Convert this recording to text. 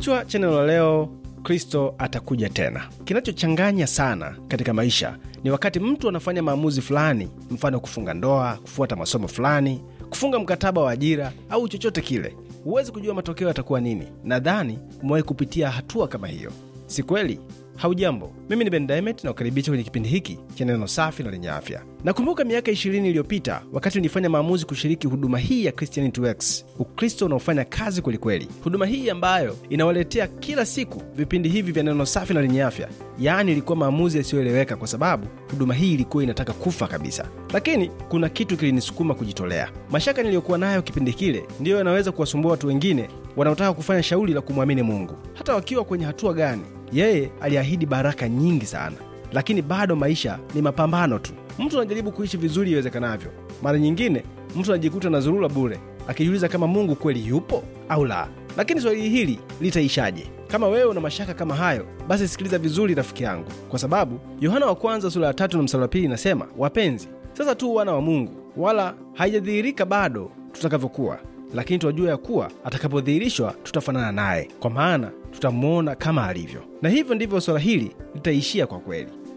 Kichwa cha neno la leo, Kristo atakuja tena. Kinachochanganya sana katika maisha ni wakati mtu anafanya maamuzi fulani, mfano kufunga ndoa, kufuata masomo fulani, kufunga mkataba wa ajira au chochote kile. Huwezi kujua matokeo yatakuwa nini. Nadhani umewahi kupitia hatua kama hiyo, si kweli? Haujambo, mimi ni Ben na kukaribisha kwenye kipindi hiki cha neno safi na lenye afya. Nakumbuka miaka 20 iliyopita wakati nilifanya maamuzi kushiriki huduma hii ya Christianity Works, Ukristo unaofanya kazi kwelikweli. Huduma hii ambayo inawaletea kila siku vipindi hivi vya neno safi na lenye afya, yaani ilikuwa maamuzi yasiyoeleweka, kwa sababu huduma hii ilikuwa inataka kufa kabisa, lakini kuna kitu kilinisukuma kujitolea. Mashaka niliyokuwa nayo kipindi kile ndiyo yanaweza kuwasumbua watu wengine wanaotaka kufanya shauri la kumwamini Mungu, hata wakiwa kwenye hatua gani. Yeye aliahidi baraka nyingi sana, lakini bado maisha ni mapambano tu. Mtu anajaribu kuishi vizuri iwezekanavyo. Mara nyingine mtu anajikuta na zurula bure, akijuliza kama Mungu kweli yupo au la. Lakini swali hili litaishaje? Kama wewe una mashaka kama hayo, basi sikiliza vizuri, rafiki yangu, kwa sababu Yohana wa kwanza sula ya tatu na msala wa pili inasema, wapenzi, sasa tu wana wa Mungu, wala haijadhihirika bado tutakavyokuwa, lakini twajua ya kuwa atakapodhihirishwa tutafanana naye, kwa maana tutamwona kama alivyo. Na hivyo ndivyo swala hili litaishia kwa kweli